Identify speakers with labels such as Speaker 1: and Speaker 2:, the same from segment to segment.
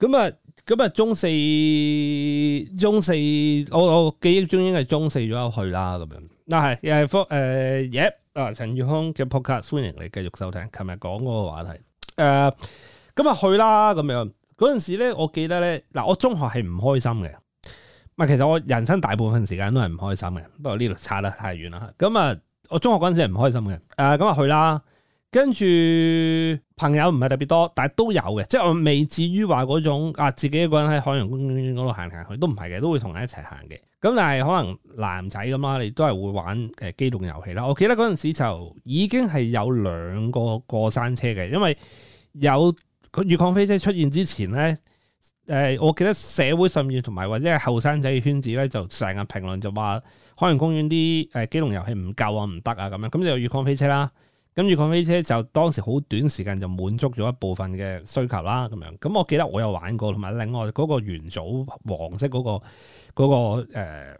Speaker 1: 咁啊，咁啊，中四，中四，我我記憶中應該係中四左右去啦，咁樣，嗱係，又係科，誒嘢，啊陳宇康嘅 podcast 歡迎你繼續收聽，琴日講嗰個話題，誒、啊，咁啊去啦，咁樣，嗰陣時咧，我記得咧，嗱、啊，我中學係唔開心嘅，係，其實我人生大部分時間都係唔開心嘅，不過呢度差得太遠啦，咁啊，我中學嗰陣時係唔開心嘅，誒、啊，咁啊去啦。跟住朋友唔係特別多，但係都有嘅，即係我未至於話嗰種啊，自己一個人喺海洋公園嗰度行行去都唔係嘅，都會同人一齊行嘅。咁但係可能男仔咁啦，你都係會玩誒、呃、機動遊戲啦。我記得嗰陣時就已經係有兩個過山車嘅，因為有越礦飛車出現之前咧，誒、呃，我記得社會上面同埋或者係後生仔嘅圈子咧，就成日評論就話海洋公園啲誒、呃、機動遊戲唔夠啊，唔得啊咁樣，咁就有越礦飛車啦。跟住越礦飛車就當時好短時間就滿足咗一部分嘅需求啦，咁樣。咁我記得我有玩過，同埋另外嗰個元祖黃色嗰、嗰個嗰、嗰個誒、呃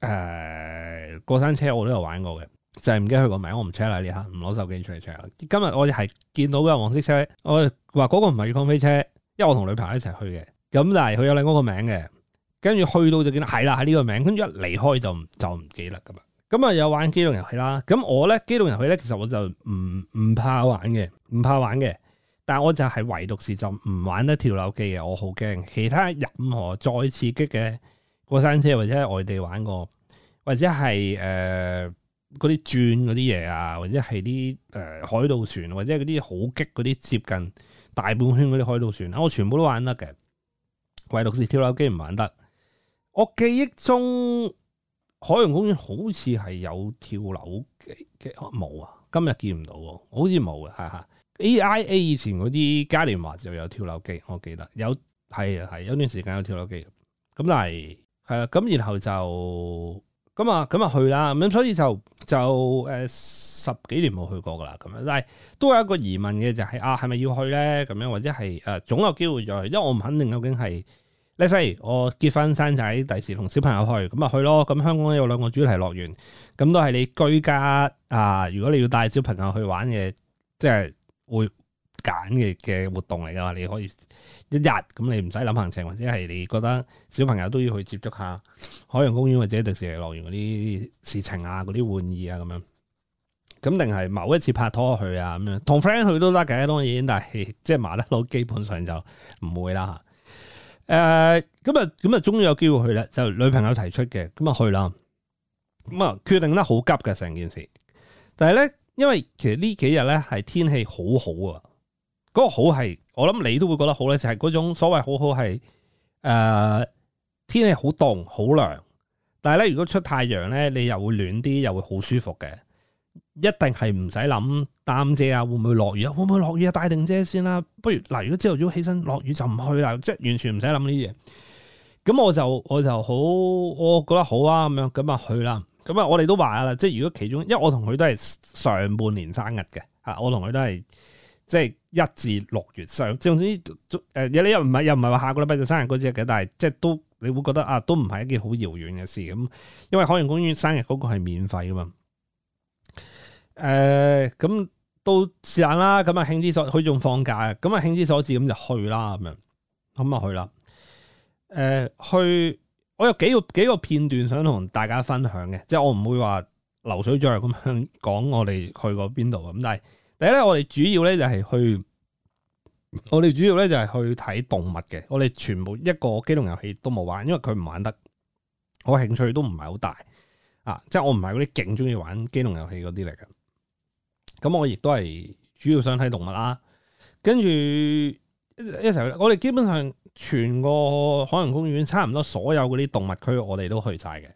Speaker 1: 呃、過山車，我都有玩過嘅。就係、係、唔記得佢個名，我唔 check 啦呢下，唔攞手機出嚟 check 啦。今日我係見到個黃色車，我話嗰個唔係越礦飛車，因為我同女朋友一齊去嘅。咁但係佢有另外個名嘅，跟住去到就見到係啦，係呢個名，跟住一離開就就唔記得咁啊。咁啊、嗯，有玩機動遊戲啦。咁、嗯、我咧機動遊戲咧，其實我就唔唔怕玩嘅，唔怕玩嘅。但係我就係唯獨是就唔玩得跳樓機嘅，我好驚。其他任何再次刺激嘅過山車，或者喺外地玩過，或者係誒嗰啲轉嗰啲嘢啊，或者係啲誒海盜船，或者嗰啲好激嗰啲接近大半圈嗰啲海盜船，我全部都玩得嘅。唯獨是跳樓機唔玩得。我記憶中。海洋公園好似係有跳樓機嘅，冇啊！今日見唔到喎，好似冇啊。嚇嚇。AIA 以前嗰啲嘉年華就有跳樓機，我記得有係啊係有段時間有跳樓機，咁但係係啊，咁然後就咁啊咁啊去啦，咁所以就就誒、啊、十幾年冇去過㗎喇，咁樣但係都有一個疑問嘅就係、是、啊係咪要去咧？咁樣或者係誒、啊、總有機會再去，因為我唔肯定究竟係。例如我結婚生仔，第時同小朋友去，咁咪去咯。咁、嗯、香港有兩個主題樂園，咁都係你居家啊。如果你要帶小朋友去玩嘅，即係會揀嘅嘅活動嚟噶。你可以一日咁，你唔使諗行程，或者係你覺得小朋友都要去接觸下海洋公園或者迪士尼樂園嗰啲事情啊，嗰啲玩意啊咁樣。咁定係某一次拍拖去啊？咁樣同 friend 去都得嘅，當然，但係即係麻甩佬，基本上就唔會啦。誒，咁啊、呃，咁啊，終於有機會去啦，就女朋友提出嘅，咁啊去啦，咁、嗯、啊，決定得好急嘅成件事，但係咧，因為其實呢幾日咧係天氣好好啊，嗰、那個好係，我諗你都會覺得好咧，就係、是、嗰種所謂好好係，誒、呃、天氣好凍好涼，但係咧如果出太陽咧，你又會暖啲，又會好舒服嘅。一定係，唔使諗，擔遮啊，會唔會落雨啊？會唔會落雨啊？帶定遮先啦、啊。不如嗱、啊，如果朝頭早起身落雨就唔去啦，即係完全唔使諗呢啲嘢。咁我就我就好，我覺得好啊，咁樣咁啊去啦。咁啊，我哋都話啦，即係如果其中，因為我同佢都係上半年生日嘅，吓我同佢都係即係一至六月上，總之誒，你又唔係又唔係話下個禮拜就生日嗰隻嘅，但係即係都你會覺得啊，都唔係一件好遙遠嘅事咁。因為海洋公園生日嗰個係免費噶嘛。誒，咁到時間啦，咁啊興之所，佢仲放假嘅，咁啊興之所至，咁就去啦，咁樣就，咁啊去啦。誒，去，我有幾個幾個片段想同大家分享嘅，即係我唔會話流水賬咁樣講我哋去過邊度咁，但係第一咧，我哋主要咧就係去，我哋主要咧就係去睇動物嘅，我哋全部一個機動遊戲都冇玩，因為佢唔玩得，我興趣都唔係好大，啊，即係我唔係嗰啲勁中意玩機動遊戲嗰啲嚟嘅。咁我亦都係主要想睇動物啦，跟住一時候咧，我哋基本上全個海洋公園差唔多所有嗰啲動物區，我哋都去晒嘅。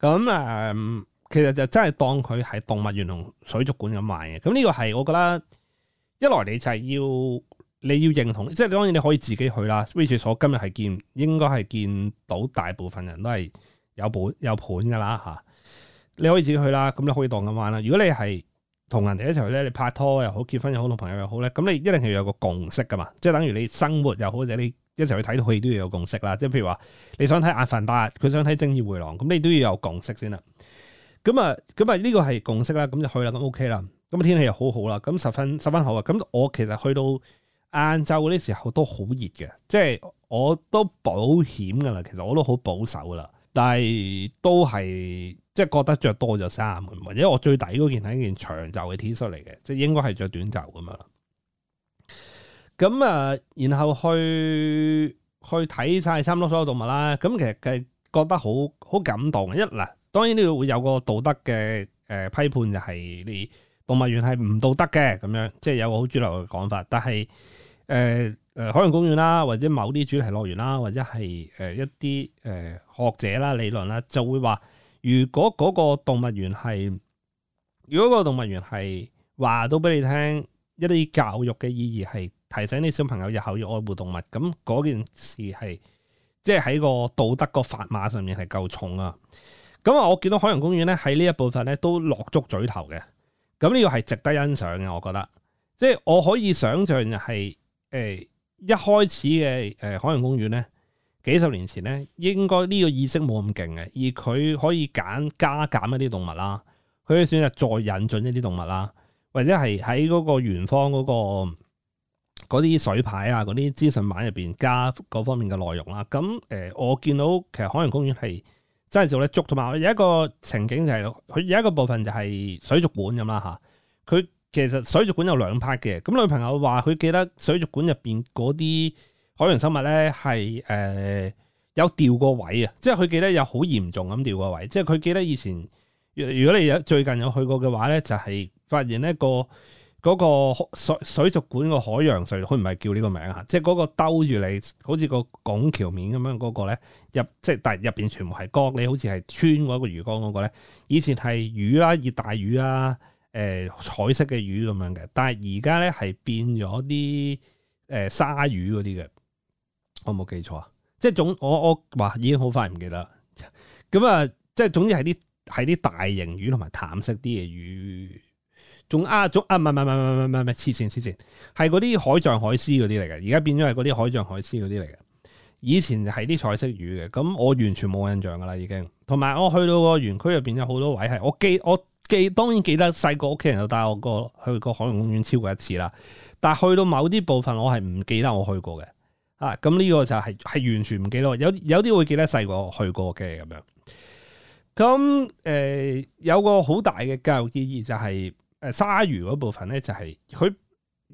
Speaker 1: 咁誒、嗯，其實就真係當佢喺動物園同水族館咁玩嘅。咁呢個係我覺得一來你就係要你要認同，即係當然你可以自己去啦。跟住我今日係見，應該係見到大部分人都係有本有盤噶啦吓。你可以自己去啦，咁你可以當咁玩啦。如果你係，同人哋一齊咧，你拍拖又好，結婚又好，同朋友又好咧，咁你一定係要有個共識噶嘛，即係等於你生活又好，或者你一齊去睇戲都要有共識啦。即係譬如話，你想睇阿凡達，佢想睇《正義回廊》，咁你都要有共識先啦。咁啊，咁啊，呢個係共識啦。咁就去啦，咁 OK 啦。咁天氣又好好啦，咁十分十分好啊。咁我其實去到晏晝嗰啲時候都好熱嘅，即係我都保險噶啦，其實我都好保守噶啦，但係都係。即係覺得着多就咗衫，或者我最底嗰件係一件長袖嘅 T 恤嚟嘅，即係應該係着短袖咁樣啦。咁啊，然後去去睇晒，差唔多所有動物啦。咁其實係覺得好好感動嘅。一嗱，當然呢度會有個道德嘅誒批判，就係你動物園係唔道德嘅咁樣，即係有個好主流嘅講法。但係誒誒海洋公園啦，或者某啲主題樂園啦，或者係誒一啲誒、呃、學者啦、理論啦，就會話。如果嗰個動物園係，如果個動物園係話到俾你聽一啲教育嘅意義係提醒啲小朋友日後要愛護動物，咁嗰件事係即係喺個道德個砝碼上面係夠重啊！咁啊，我見到海洋公園咧，喺呢一部分咧，都落足嘴頭嘅，咁呢個係值得欣賞嘅，我覺得。即係我可以想象就係誒一開始嘅誒、呃、海洋公園咧。幾十年前咧，應該呢個意識冇咁勁嘅，而佢可以揀加減一啲動物啦，佢可以選擇再引進一啲動物啦，或者係喺嗰個園方嗰、嗰個嗰啲水牌啊、嗰啲資訊版入邊加嗰方面嘅內容啦。咁誒、呃，我見到其實海洋公園係真係做得足，同埋有一個情景就係、係、佢有一個部分就係水族館咁啦嚇。佢其實水族館有兩 part 嘅，咁女朋友話佢記得水族館入邊嗰啲。海洋生物咧係誒有調個位啊！即係佢記得有好嚴重咁調個位。即係佢記得以前，如果你有最近有去過嘅話咧，就係、是、發現呢、那個嗰、那個水水族館個海洋水，佢唔係叫呢個名啊！即係嗰個兜住你好似個拱橋面咁樣嗰、那個咧，入即係但入邊全部係缸，你好似係穿嗰個魚缸嗰、那個咧。以前係魚啦，熱帶魚啦，誒、呃、彩色嘅魚咁樣嘅，但係而家咧係變咗啲誒鯊魚嗰啲嘅。我冇記錯啊！即係總我我話已經好快唔記得咁啊！即係總之係啲係啲大型魚同埋淡色啲嘅魚，仲啊，仲啊，唔係唔係唔係唔係唔係，黐線，黐線，係嗰啲海象海獅嗰啲嚟嘅。而家變咗係嗰啲海象海獅嗰啲嚟嘅。以前係啲彩色魚嘅。咁我完全冇印象㗎喇，已經。同埋我去到個園區入邊有好多位係我記我記當然記得細個屋企人就帶我去過海洋公園超過一次啦。但係去到某啲部分我係唔記得我去過嘅。啊，咁、這、呢個就係、是、係完全唔記得，有有啲會記得細個去過嘅咁樣。咁、嗯、誒、呃，有個好大嘅教育意義就係、是，誒、呃，鯊魚嗰部分咧就係、是，佢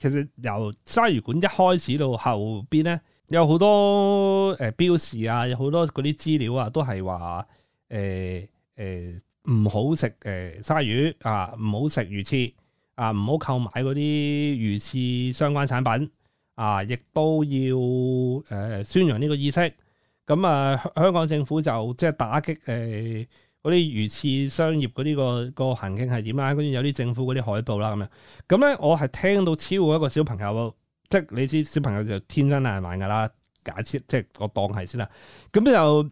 Speaker 1: 其實由鯊魚館一開始到後邊咧，有好多誒、呃、標示啊，有好多嗰啲資料啊，都係話誒誒唔好食誒、呃、鯊魚啊，唔好食魚翅啊，唔好購買嗰啲魚翅相關產品。啊！亦都要誒、呃、宣揚呢個意識，咁啊香港政府就即係打擊誒嗰啲魚翅商業嗰啲、個、個行徑係點啦？跟住有啲政府嗰啲海報啦咁樣。咁咧我係聽到超過一個小朋友，即係你知小朋友就天真爛漫㗎啦，假設即係我當係先啦。咁就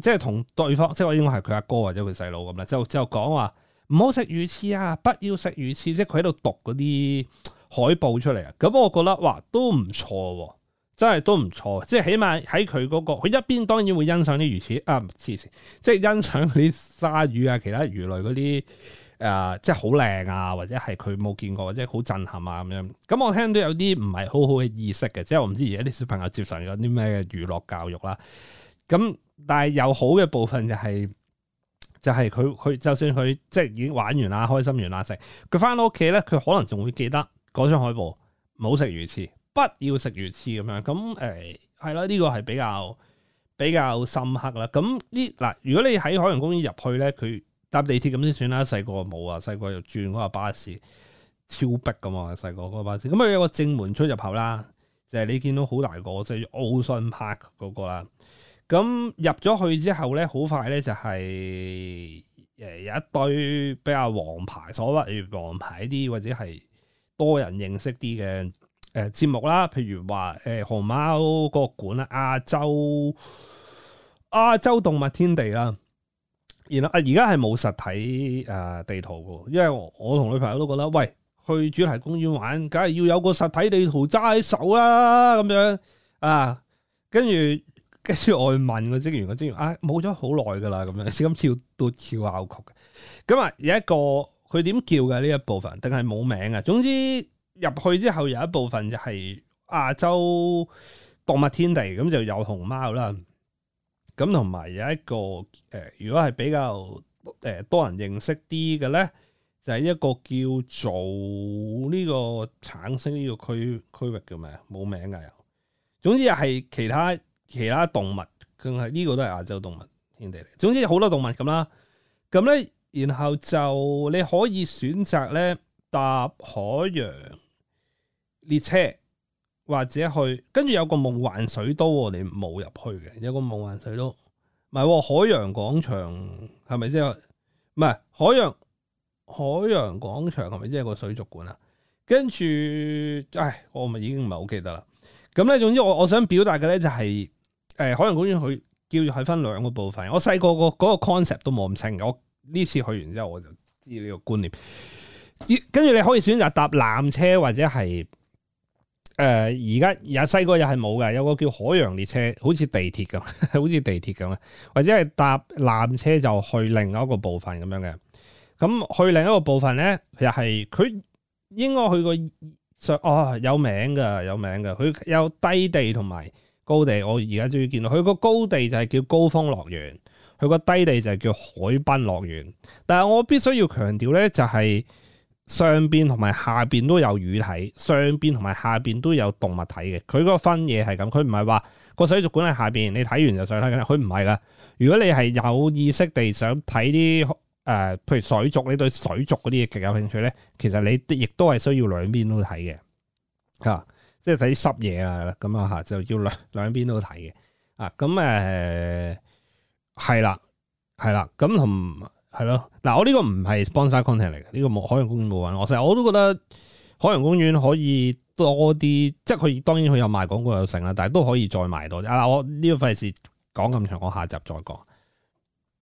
Speaker 1: 即係同對方，即係我應該係佢阿哥或者佢細佬咁啦，之後講話唔好食魚翅啊，不要食魚翅，啊，即係佢喺度讀嗰啲。海報出嚟啊！咁我覺得哇，都唔錯喎，真係都唔錯。即係起碼喺佢嗰個，佢一邊當然會欣賞啲魚翅啊，黐線！即係欣賞啲鯊魚啊，其他魚類嗰啲誒，即係好靚啊，或者係佢冇見過或者好震撼啊咁樣。咁我聽到有啲唔係好好嘅意識嘅，即係我唔知而家啲小朋友接受咗啲咩嘅娛樂教育啦。咁但係有好嘅部分就係，就係佢佢就算佢即係已經玩完啦、開心完啦，食佢翻到屋企咧，佢可能仲會記得。嗰張海報，唔好食魚翅，不要食魚翅咁樣，咁誒係咯，呢、嗯這個係比較比較深刻啦。咁呢嗱，如果你喺海洋公園入去咧，佢搭地鐵咁先算啦。細個冇啊，細個又轉嗰個巴士超逼㗎嘛。細個嗰個巴士，咁、嗯、啊、嗯、有個正門出入口啦，就係、是、你見到好大、就是那個即係 Ocean Park 嗰個啦。咁入咗去之後咧，好快咧就係誒有一堆比較黃牌所謂黃牌啲或者係。多人認識啲嘅誒節目啦，譬如話誒、呃、熊貓個館啦，亞洲亞洲動物天地啦。然後啊，而家係冇實體誒、呃、地圖嘅，因為我同女朋友都覺得，喂，去主題公園玩，梗係要有個實體地圖揸喺手啦，咁樣啊，跟住跟住我問個職員個職員，唉、啊，冇咗好耐噶啦，咁樣，今次跳都跳拗曲嘅。咁啊，有一個。佢點叫嘅呢一部分，定係冇名啊？總之入去之後有一部分就係亞洲動物天地，咁就有熊貓啦。咁同埋有一個誒、呃，如果係比較誒、呃、多人認識啲嘅咧，就係、是、一個叫做呢個橙色呢個區區域叫咩啊？冇名㗎又，總之又係其他其他動物，佢係呢個都係亞洲動物天地嚟。總之好多動物咁啦，咁咧。然後就你可以選擇咧搭海洋列車，或者去跟住有個夢幻水都，我哋冇入去嘅，有個夢幻水都，唔係、哦、海洋廣場係咪即係？唔係、就是、海洋海洋廣場係咪即係個水族館啊？跟住唉，我咪已經唔係好記得啦。咁咧，總之我我想表達嘅咧就係、是，誒、哎、海洋公園佢叫係分兩個部分。我細個個嗰個 concept 都冇咁清我。呢次去完之後，我就知呢個觀念。跟住你可以選擇搭纜車或者係誒，而、呃、家有細個又係冇嘅，有個叫海洋列車，好似地鐵咁，好似地鐵咁嘅，或者係搭纜車就去另一個部分咁樣嘅。咁、嗯、去另一個部分咧，又係佢應該去過就哦有名嘅，有名嘅。佢有，有低地同埋高地，我而家終於見到佢個高地就係叫高峰樂園。佢個低地就係叫海濱樂園，但係我必須要強調咧，就係、是、上邊同埋下邊都有魚睇，上邊同埋下邊都有動物睇嘅。佢個分野係咁，佢唔係話個水族館喺下邊，你睇完就上睇緊，佢唔係噶。如果你係有意識地想睇啲誒，譬如水族，你對水族嗰啲嘢極有興趣咧，其實你亦都係需要兩邊都睇嘅。嚇、啊，即係睇濕嘢啊咁啊嚇，就要兩兩邊都睇嘅。啊，咁誒。呃係啦，係啦，咁同係咯。嗱，我呢個唔係 sponsor content 嚟嘅，呢個冇海洋公園冇玩。我成日我都覺得海洋公園可以多啲，即係佢當然佢有賣廣告有剩啦，但係都可以再賣多啲。嗱，我呢個費事講咁長，我下集再講。